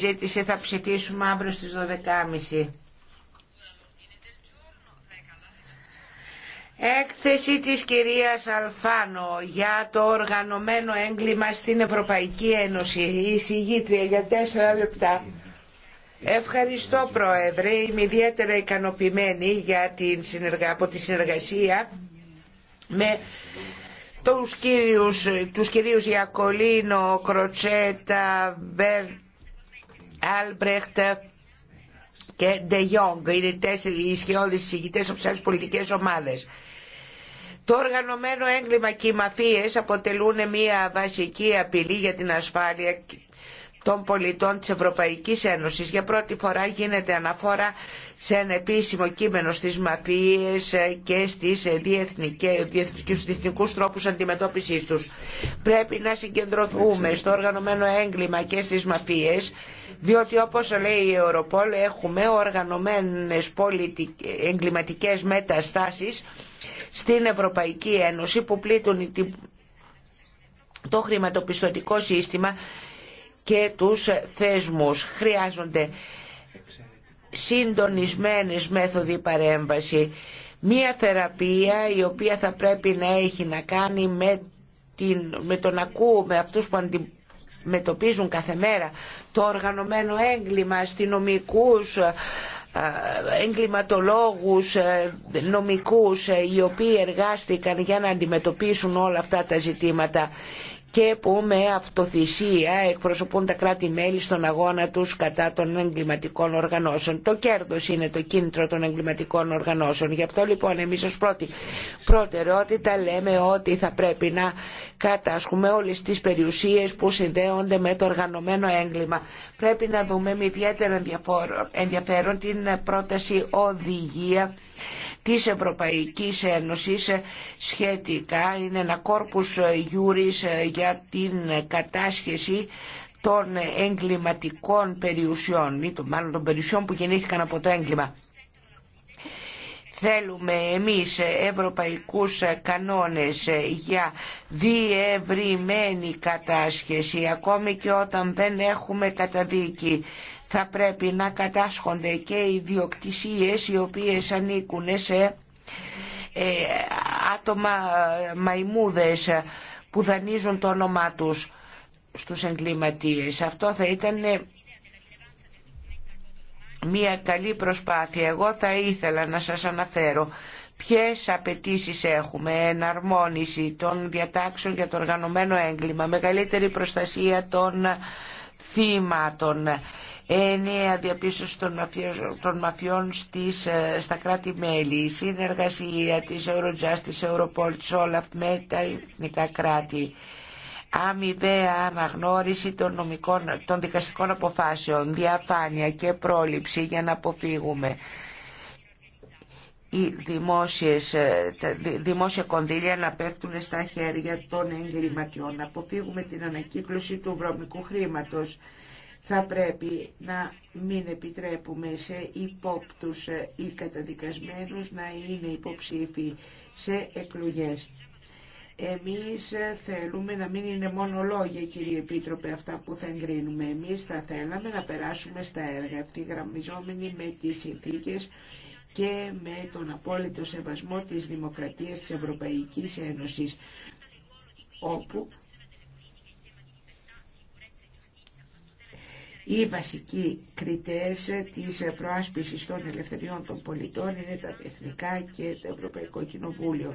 ζήτησε θα ψηφίσουμε αύριο στις 12.30. Έκθεση της κυρίας Αλφάνο για το οργανωμένο έγκλημα στην Ευρωπαϊκή Ένωση. Η συγγήτρια για τέσσερα λεπτά. Ευχαριστώ Πρόεδρε. Είμαι ιδιαίτερα ικανοποιημένη για την από τη συνεργασία με τους κυρίους, τους κυρίους Γιακολίνο, Κροτσέτα, Μπέρτ, Άλμπρεχτ και Ντε Ιόγκ. Είναι τέσσερι ισχυώδεις συζητητές από τι άλλε πολιτικές ομάδες. Το οργανωμένο έγκλημα και οι μαφίες αποτελούν μια βασική απειλή για την ασφάλεια των πολιτών της Ευρωπαϊκής Ένωσης. Για πρώτη φορά γίνεται αναφορά σε ένα επίσημο κείμενο στις μαφίες ε, και στις ε, διεθνικούς, διεθνικούς τρόπους αντιμετώπισης τους. Πρέπει να συγκεντρωθούμε στο οργανωμένο έγκλημα και στις μαφίες, διότι όπως λέει η Ευρωπολ έχουμε οργανωμένες εγκληματικές μεταστάσεις στην Ευρωπαϊκή Ένωση που πλήττουν το χρηματοπιστωτικό σύστημα και τους θεσμούς. Χρειάζονται συντονισμένες μέθοδοι παρέμβαση. Μία θεραπεία η οποία θα πρέπει να έχει να κάνει με, την, με τον ακού, με αυτούς που αντιμετωπίζουν κάθε μέρα το οργανωμένο έγκλημα, ε, ε, νομικούς εγκληματολόγους, νομικούς οι οποίοι εργάστηκαν για να αντιμετωπίσουν όλα αυτά τα ζητήματα και που με αυτοθυσία εκπροσωπούν τα κράτη-μέλη στον αγώνα τους κατά των εγκληματικών οργανώσεων. Το κέρδος είναι το κίνητρο των εγκληματικών οργανώσεων. Γι' αυτό λοιπόν εμείς ως πρώτη προτεραιότητα λέμε ότι θα πρέπει να κατάσχουμε όλες τις περιουσίες που συνδέονται με το οργανωμένο έγκλημα. Πρέπει να δούμε με ιδιαίτερα ενδιαφέρον την πρόταση οδηγία της Ευρωπαϊκής Ένωσης σχετικά είναι ένα κόρπους γιούρις για την κατάσχεση των εγκληματικών περιουσιών ή μάλλον των περιουσιών που γεννήθηκαν από το έγκλημα. Θέλουμε εμείς ευρωπαϊκούς κανόνες για διευρυμένη κατάσχεση ακόμη και όταν δεν έχουμε καταδίκη θα πρέπει να κατάσχονται και οι διοκτησίες οι οποίες ανήκουν σε ε, άτομα ε, μαϊμούδες που δανείζουν το όνομά τους στους εγκληματίες. Αυτό θα ήταν μια καλή προσπάθεια. Εγώ θα ήθελα να σας αναφέρω ποιες απαιτήσει έχουμε. Εναρμόνιση των διατάξεων για το οργανωμένο έγκλημα, μεγαλύτερη προστασία των θύματων, ενιαία διαπίστωση των, μαφιών, στις, ε, στα κράτη-μέλη, συνεργασία της Eurojust, της Europol, της Olaf με τα εθνικά κράτη, αμοιβαία αναγνώριση των, νομικών, των δικαστικών αποφάσεων, διαφάνεια και πρόληψη για να αποφύγουμε οι δημόσιες, ε, τα δημόσια κονδύλια να πέφτουν στα χέρια των εγκληματιών. Να αποφύγουμε την ανακύκλωση του βρωμικού χρήματος θα πρέπει να μην επιτρέπουμε σε υπόπτους ε, ή καταδικασμένους να είναι υποψήφοι σε εκλογές. Εμείς ε, θέλουμε να μην είναι μόνο λόγια, κύριε Επίτροπε, αυτά που θα εγκρίνουμε. Εμείς θα θέλαμε να περάσουμε στα έργα, ευθυγραμμιζόμενοι με τις συνθήκε και με τον απόλυτο σεβασμό της Δημοκρατίας της Ευρωπαϊκής Ένωσης, όπου Οι βασικοί κριτές της προάσπισης των ελευθεριών των πολιτών είναι τα εθνικά και το Ευρωπαϊκό Κοινοβούλιο.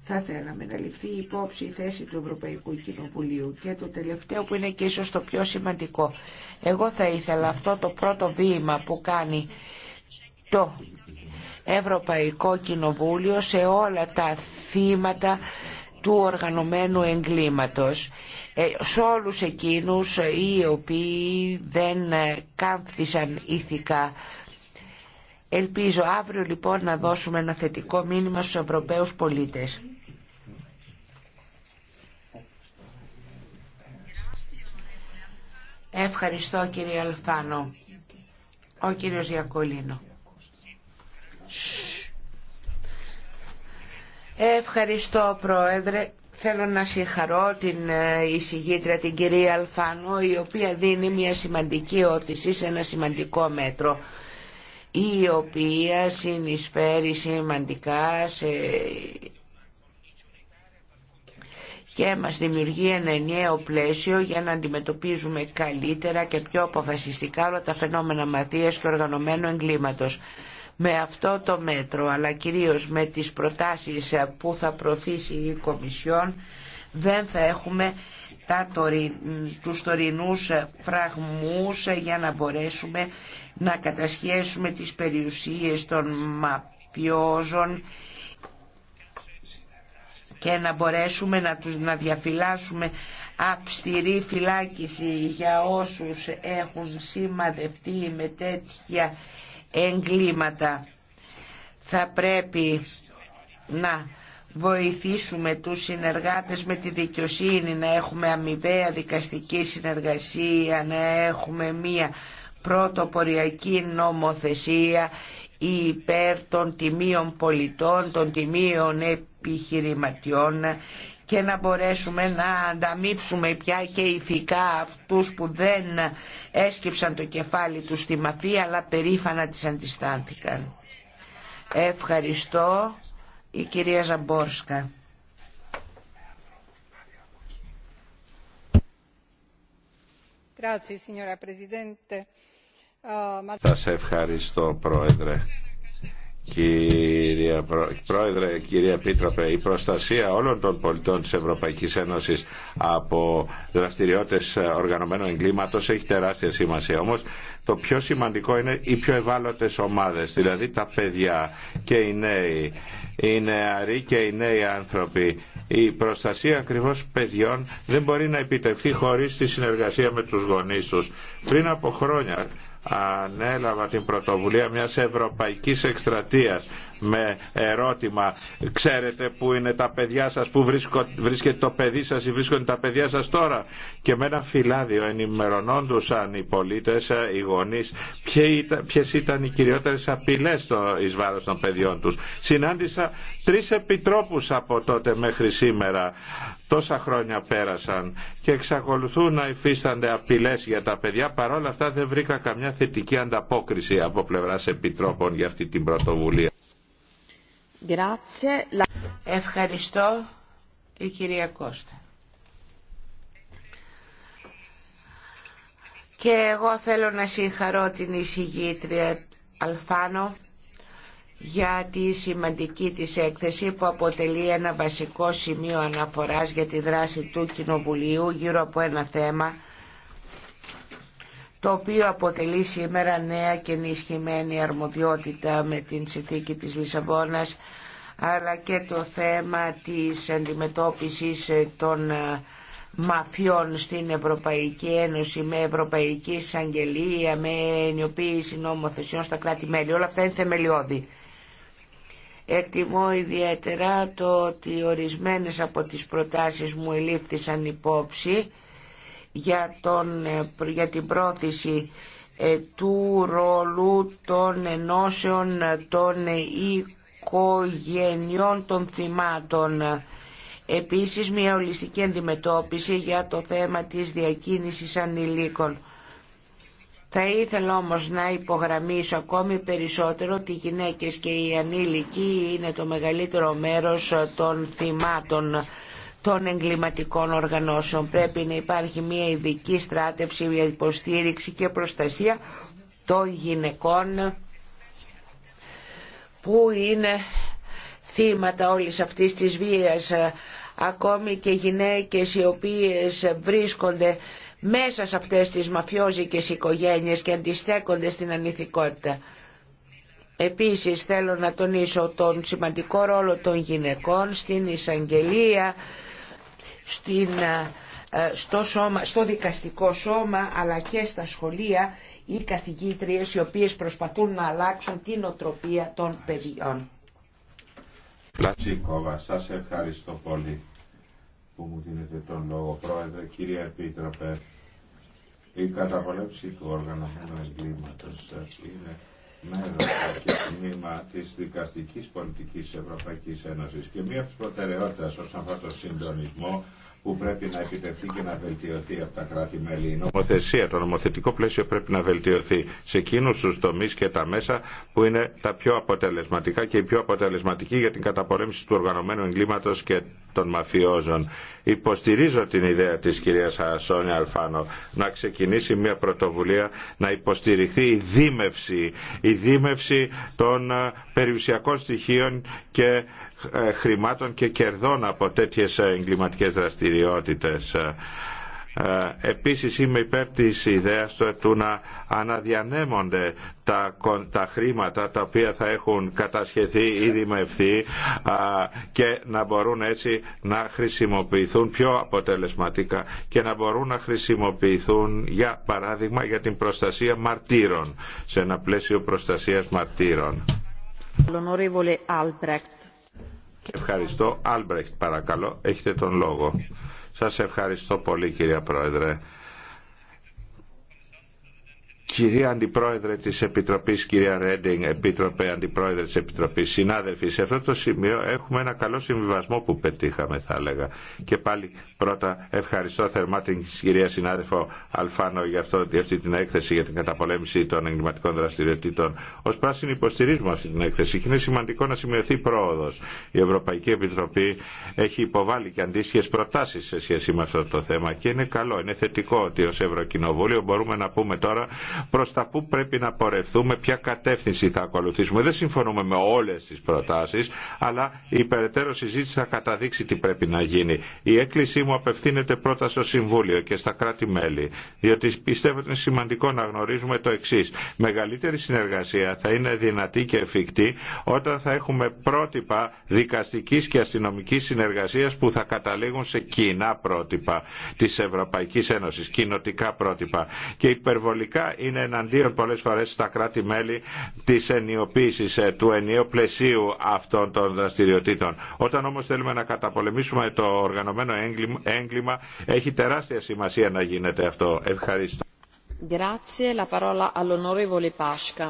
Θα θέλαμε να ληφθεί υπόψη η θέση του Ευρωπαϊκού Κοινοβουλίου και το τελευταίο που είναι και ίσως το πιο σημαντικό. Εγώ θα ήθελα αυτό το πρώτο βήμα που κάνει το Ευρωπαϊκό Κοινοβούλιο σε όλα τα θύματα του οργανωμένου εγκλήματος ε, σε όλους εκείνους ε, οι οποίοι δεν ε, κάμφθησαν ηθικά. Ελπίζω αύριο λοιπόν να δώσουμε ένα θετικό μήνυμα στους Ευρωπαίους πολίτες. Ευχαριστώ κύριε Αλφάνο. Ο κύριος Γιακολίνο. Ευχαριστώ Πρόεδρε. Θέλω να συγχαρώ την ε, εισηγήτρια την κυρία Αλφάνο η οποία δίνει μια σημαντική όθηση σε ένα σημαντικό μέτρο η οποία συνεισφέρει σημαντικά σε... και μας δημιουργεί ένα ενιαίο πλαίσιο για να αντιμετωπίζουμε καλύτερα και πιο αποφασιστικά όλα τα φαινόμενα μαθίας και οργανωμένου εγκλήματος με αυτό το μέτρο αλλά κυρίως με τις προτάσεις που θα προωθήσει η Κομισιόν δεν θα έχουμε τα, τους τωρινούς φραγμούς για να μπορέσουμε να κατασχέσουμε τις περιουσίες των μαπιόζων και να μπορέσουμε να, τους, να διαφυλάσσουμε αυστηρή φυλάκιση για όσους έχουν σημαδευτεί με τέτοια εγκλήματα. Θα πρέπει να βοηθήσουμε τους συνεργάτες με τη δικαιοσύνη, να έχουμε αμοιβαία δικαστική συνεργασία, να έχουμε μία πρωτοποριακή νομοθεσία υπέρ των τιμίων πολιτών, των τιμίων επιχειρηματιών και να μπορέσουμε να ανταμείψουμε πια και ηθικά αυτούς που δεν έσκυψαν το κεφάλι τους στη μαφία αλλά περήφανα τις αντιστάθηκαν. Ευχαριστώ η κυρία Ζαμπόρσκα. Σας ευχαριστώ πρόεδρε. Κύριε Πρόεδρε, κύριε Πίτροπε, η προστασία όλων των πολιτών της ευρωπαϊκή Ένωσης από δραστηριότητες οργανωμένου εγκλήματος έχει τεράστια σημασία. Όμως το πιο σημαντικό είναι οι πιο ευάλωτες ομάδες, δηλαδή τα παιδιά και οι νέοι, οι νεαροί και οι νέοι άνθρωποι. Η προστασία ακριβώς παιδιών δεν μπορεί να επιτευχθεί χωρίς τη συνεργασία με τους γονείς τους. Πριν από χρόνια ανέλαβα την πρωτοβουλία μιας ευρωπαϊκής εκστρατείας με ερώτημα. Ξέρετε που είναι τα παιδιά σας, που βρίσκεται το παιδί σας ή βρίσκονται τα παιδιά σας τώρα. Και με ένα φυλάδιο ενημερωνόντουσαν οι πολίτες, οι γονείς, ποιες ήταν οι κυριότερες απειλές στο, εις βάρος των παιδιών τους. Συνάντησα τρεις επιτρόπους από τότε μέχρι σήμερα. Τόσα χρόνια πέρασαν και εξακολουθούν να υφίστανται απειλές για τα παιδιά. παρόλα αυτά δεν βρήκα καμιά θετική ανταπόκριση από πλευράς επιτρόπων για αυτή την πρωτοβουλία. Ευχαριστώ η κυρία Κώστα. Και εγώ θέλω να συγχαρώ την εισηγήτρια Αλφάνο για τη σημαντική της έκθεση που αποτελεί ένα βασικό σημείο αναφοράς για τη δράση του Κοινοβουλίου γύρω από ένα θέμα το οποίο αποτελεί σήμερα νέα και ενισχυμένη αρμοδιότητα με την συνθήκη της Λισαβόνας αλλά και το θέμα της αντιμετώπισης ε, των ε, μαφιών στην Ευρωπαϊκή Ένωση με Ευρωπαϊκή Εισαγγελία, με ενιοποίηση νομοθεσιών στα κράτη-μέλη. Όλα αυτά είναι θεμελιώδη. Εκτιμώ ιδιαίτερα το ότι ορισμένες από τις προτάσεις μου ελήφθησαν υπόψη για, τον, για την πρόθεση ε, του ρόλου των ενώσεων των οικογενειών των θυμάτων. Επίσης μια ολιστική αντιμετώπιση για το θέμα της διακίνησης ανηλίκων. Θα ήθελα όμως να υπογραμμίσω ακόμη περισσότερο ότι οι γυναίκες και οι ανήλικοι είναι το μεγαλύτερο μέρος των θυμάτων των εγκληματικών οργανώσεων. Πρέπει να υπάρχει μια ειδική στράτευση, μια υποστήριξη και προστασία των γυναικών που είναι θύματα όλης αυτής της βίας. Ακόμη και γυναίκες οι οποίες βρίσκονται μέσα σε αυτές τις μαφιόζικες οικογένειες και αντιστέκονται στην ανηθικότητα. Επίσης θέλω να τονίσω τον σημαντικό ρόλο των γυναικών στην εισαγγελία στην, ε, ε, στο, στο δικαστικό σώμα αλλά και στα σχολεία οι καθηγήτριες οι οποίες προσπαθούν να αλλάξουν την οτροπία των παιδιών. Πλατσίκοβα, σας ευχαριστώ πολύ που μου δίνετε τον λόγο. Πρόεδρε, κύριε Επίτροπε, η καταπολέψη του οργανωμένου εγκλήματος ε, είναι μέρος και τμήμα τη δικαστική πολιτική Ευρωπαϊκή Ένωση και μία από τι προτεραιότητε όσον αφορά το συντονισμό που πρέπει να επιτευχθεί και να βελτιωθεί από τα κράτη-μέλη. Η νομοθεσία, το νομοθετικό πλαίσιο πρέπει να βελτιωθεί σε εκείνου του τομεί και τα μέσα που είναι τα πιο αποτελεσματικά και οι πιο αποτελεσματικοί για την καταπολέμηση του οργανωμένου εγκλήματο και των μαφιόζων. Υποστηρίζω την ιδέα τη κυρία Σόνια Αλφάνο να ξεκινήσει μια πρωτοβουλία να υποστηριχθεί η δίμευση, η των ε, περιουσιακών στοιχείων και ε, χρημάτων και κερδών από τέτοιες ε, εγκληματικές δραστηριότητες. Ε, επίσης είμαι υπέρ της ιδέας του να αναδιανέμονται τα, χρήματα τα οποία θα έχουν κατασχεθεί ή δημευθεί και να μπορούν έτσι να χρησιμοποιηθούν πιο αποτελεσματικά και να μπορούν να χρησιμοποιηθούν για παράδειγμα για την προστασία μαρτύρων σε ένα πλαίσιο προστασίας μαρτύρων. Ευχαριστώ. Άλμπρεχτ παρακαλώ. Έχετε τον λόγο. Σας ευχαριστώ πολύ κυρία Πρόεδρε. Κυρία Αντιπρόεδρε της Επιτροπής, κυρία Ρέντινγκ, Επίτροπε Αντιπρόεδρε της Επιτροπής, συνάδελφοι, σε αυτό το σημείο έχουμε ένα καλό συμβιβασμό που πετύχαμε θα έλεγα. Και πάλι πρώτα ευχαριστώ θερμά την κυρία συνάδελφο Αλφάνο για, αυτό, για αυτή την έκθεση για την καταπολέμηση των εγκληματικών δραστηριοτήτων. Ω πράσινη υποστηρίζουμε αυτή την έκθεση και είναι σημαντικό να σημειωθεί πρόοδο. Η Ευρωπαϊκή Επιτροπή έχει υποβάλει και αντίστοιχε προτάσει σε σχέση με αυτό το θέμα και είναι καλό, είναι θετικό ότι ω Ευρωκοινοβούλιο μπορούμε να πούμε τώρα προς τα που πρέπει να πορευτούμε ποια κατεύθυνση θα ακολουθήσουμε. Δεν συμφωνούμε με όλες τις προτάσεις, αλλά η περαιτέρω συζήτηση θα καταδείξει τι πρέπει να γίνει. Η έκκλησή μου απευθύνεται πρώτα στο Συμβούλιο και στα κράτη-μέλη, διότι πιστεύω ότι είναι σημαντικό να γνωρίζουμε το εξή. Μεγαλύτερη συνεργασία θα είναι δυνατή και εφικτή όταν θα έχουμε πρότυπα δικαστικής και αστυνομικής συνεργασίας που θα καταλήγουν σε κοινά πρότυπα της Ευρωπαϊκής Ένωσης, κοινοτικά πρότυπα. Και υπερβολικά είναι είναι εναντίον πολλές φορές στα κράτη-μέλη της ενιοποίησης ε, του ενιαίου πλαισίου αυτών των δραστηριοτήτων. Όταν όμως θέλουμε να καταπολεμήσουμε το οργανωμένο έγκλημα έχει τεράστια σημασία να γίνεται αυτό. Ευχαριστώ. Grazie, la parola all'onorevole Pasca.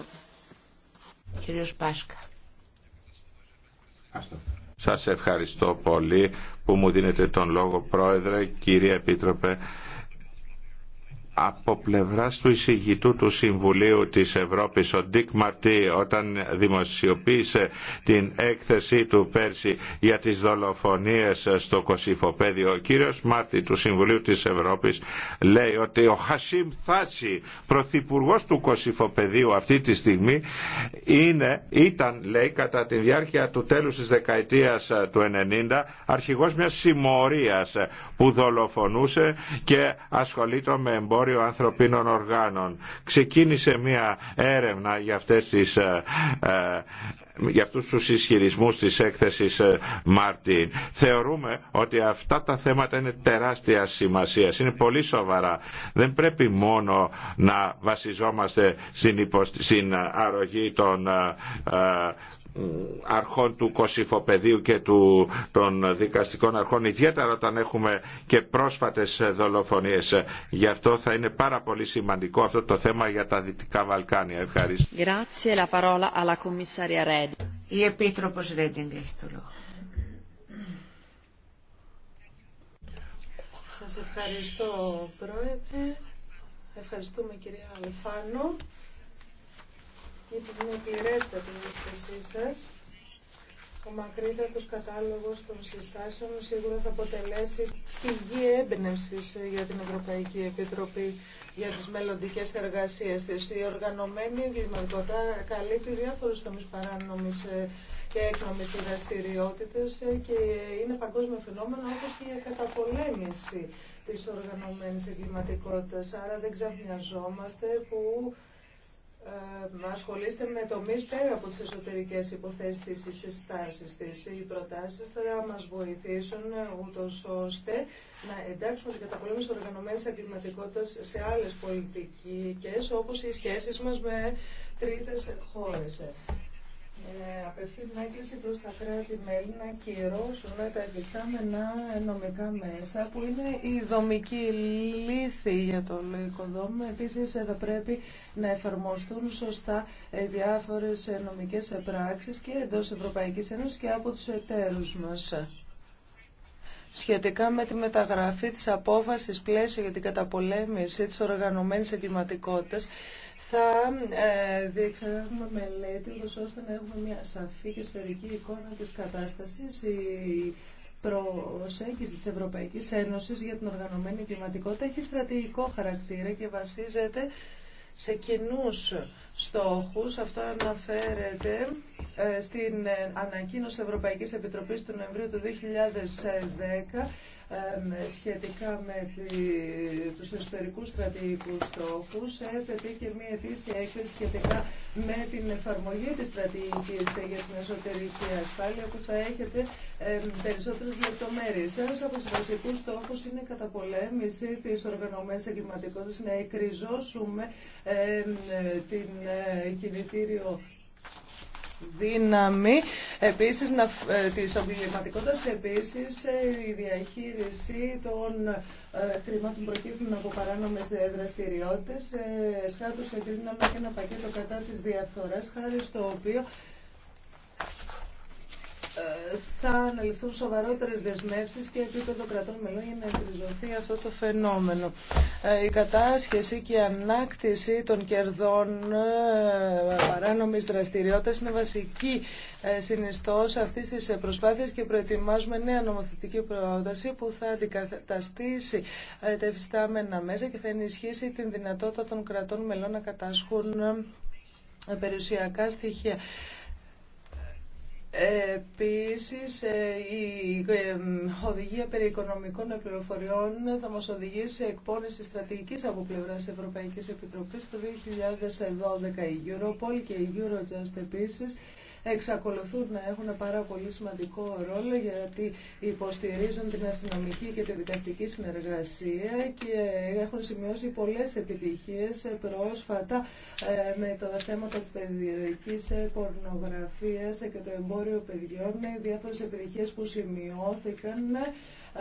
Σας ευχαριστώ πολύ που μου δίνετε τον λόγο, Πρόεδρε, κύριε Επίτροπε από πλευράς του εισηγητού του Συμβουλίου της Ευρώπης, ο Ντίκ Μαρτί, όταν δημοσιοποίησε την έκθεσή του πέρσι για τις δολοφονίες στο Κωσυφοπέδιο, ο κύριος Μάρτι του Συμβουλίου της Ευρώπης λέει ότι ο Χασίμ Θάση, πρωθυπουργός του Κωσυφοπεδίου αυτή τη στιγμή, είναι, ήταν, λέει, κατά τη διάρκεια του τέλους της δεκαετίας του 90, αρχηγός μιας συμμορίας που δολοφονούσε και ασχολείται με εμπόριο ανθρωπίνων οργάνων. Ξεκίνησε μια έρευνα για αυτές τις ε, ε, για αυτούς τους ισχυρισμούς της έκθεσης ε, Μάρτιν. Θεωρούμε ότι αυτά τα θέματα είναι τεράστια σημασία, είναι πολύ σοβαρά. Δεν πρέπει μόνο να βασιζόμαστε στην, στην αρρωγή των αρχών του Κωσυφοπεδίου και του, των δικαστικών αρχών ιδιαίτερα όταν έχουμε και πρόσφατες δολοφονίες γι' αυτό θα είναι πάρα πολύ σημαντικό αυτό το θέμα για τα Δυτικά Βαλκάνια Ευχαριστώ Η Επίτροπος Ρέντινγκ έχει το λόγο Σας ευχαριστώ Πρόεδρε Ευχαριστούμε κυρία Αλφάνο την πληρέστατη την έκθεσή σα. Ο μακρύτατο κατάλογο των συστάσεων σίγουρα θα αποτελέσει πηγή έμπνευση για την Ευρωπαϊκή Επιτροπή για τι μελλοντικέ εργασίε τη. Η οργανωμένη εγκληματικότητα καλύπτει διάφορου τομεί παράνομη και έκνομη δραστηριότητε και είναι παγκόσμιο φαινόμενο όπω και η καταπολέμηση τη οργανωμένη εγκληματικότητα. Άρα δεν ξαφνιαζόμαστε που ε, ασχολείστε με τομείς πέρα από τις εσωτερικές υποθέσεις τη συστάσεις της. Οι προτάσεις θα μας βοηθήσουν ε, ούτως ώστε να εντάξουμε την καταπολέμηση οργανωμένης εγκληματικότητας σε άλλες πολιτικές όπως οι σχέσεις μας με τρίτες χώρες ε, έκκληση προς τα κράτη-μέλη να κυρώσουν τα επιστάμενα νομικά μέσα που είναι η δομική λύθη για το οικοδόμημα. Επίσης ε, θα πρέπει να εφαρμοστούν σωστά ε, διάφορες ε, νομικές πράξεις και εντός Ευρωπαϊκής Ένωσης και από τους εταίρους μας σχετικά με τη μεταγραφή της απόφασης πλαίσιο για την καταπολέμηση της οργανωμένης εγκληματικότητας θα ε, μελέτη ώστε να έχουμε μια σαφή και σφαιρική εικόνα της κατάστασης. Η προσέγγιση της Ευρωπαϊκής Ένωσης για την οργανωμένη εγκληματικότητα έχει στρατηγικό χαρακτήρα και βασίζεται σε κοινού στόχους. Αυτό αναφέρεται ε, στην ε, ανακοίνωση Ευρωπαϊκής Επιτροπής του Νοεμβρίου του 2010 σχετικά με τη, τους εσωτερικούς στρατηγικούς στόχους και μια ετήσια έκθεση σχετικά με την εφαρμογή της στρατηγικής για την εσωτερική ασφάλεια που θα έχετε ε, περισσότερες λεπτομέρειες. Ένας από τους βασικούς στόχους είναι η καταπολέμηση της οργανωμένης εγκληματικότητας, να εκριζώσουμε την ε, κινητήριο δύναμη επίσης να, ε, της εγκληματικότητας, επίσης ε, η διαχείριση των ε, χρημάτων προκύπτουν από παράνομες δραστηριότητες. Σχάτως εγκρίναμε και ένα πακέτο κατά της διαφθοράς, χάρη στο οποίο θα αναλυθούν σοβαρότερες δεσμεύσεις και επίπεδο κρατών μελών για να εκριζωθεί αυτό το φαινόμενο. Ε, η κατάσχεση και η ανάκτηση των κερδών ε, παράνομης δραστηριότητας είναι βασική ε, συνιστός αυτής της προσπάθειας και προετοιμάζουμε νέα νομοθετική πρόταση που θα αντικαταστήσει τα εφιστάμενα μέσα και θα ενισχύσει την δυνατότητα των κρατών μελών να κατάσχουν περιουσιακά στοιχεία. Επίσης, ε, η ε, οδηγία περί οικονομικών πληροφοριών θα μας οδηγήσει σε εκπόνηση στρατηγική από πλευρά Ευρωπαϊκή Επιτροπή το 2012. Η Europol και η Eurojust επίση εξακολουθούν να έχουν πάρα πολύ σημαντικό ρόλο γιατί υποστηρίζουν την αστυνομική και τη δικαστική συνεργασία και έχουν σημειώσει πολλές επιτυχίες πρόσφατα ε, με το θέμα της παιδικής πορνογραφίας και το εμπόριο παιδιών, διάφορες επιτυχίες που σημειώθηκαν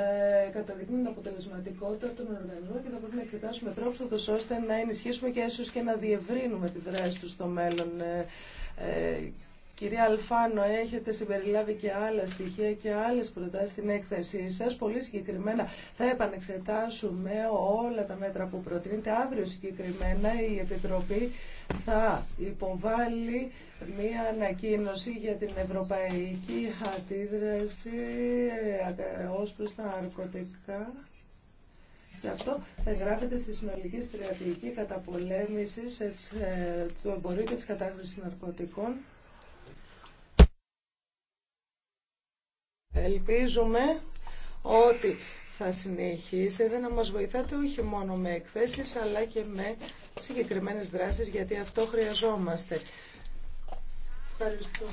ε, καταδεικνύουν την αποτελεσματικότητα των οργανισμών και θα πρέπει να εξετάσουμε τρόπους ώστε να ενισχύσουμε και ίσως και να διευρύνουμε τη δράση τους στο μέλλον. Ε, Κυρία Αλφάνο, έχετε συμπεριλάβει και άλλα στοιχεία και άλλες προτάσεις στην έκθεσή σας. Πολύ συγκεκριμένα θα επανεξετάσουμε όλα τα μέτρα που προτείνετε. Αύριο συγκεκριμένα η Επιτροπή θα υποβάλει μία ανακοίνωση για την ευρωπαϊκή αντίδραση ε, ως προς τα αρκωτικά. Και αυτό θα εγγράφεται στη συνολική στρατηγική Καταπολέμησης ε, ε, του εμπορίου και της κατάχρησης ναρκωτικών. Ελπίζουμε ότι θα συνεχίσετε να μας βοηθάτε όχι μόνο με εκθέσεις αλλά και με συγκεκριμένες δράσεις γιατί αυτό χρειαζόμαστε. Ευχαριστώ.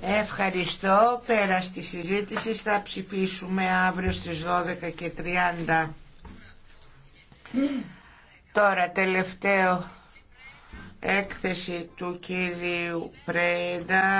Ευχαριστώ. Πέρα στη συζήτηση θα ψηφίσουμε αύριο στις 12.30. και Τώρα τελευταίο έκθεση του κύριου Πρέντα.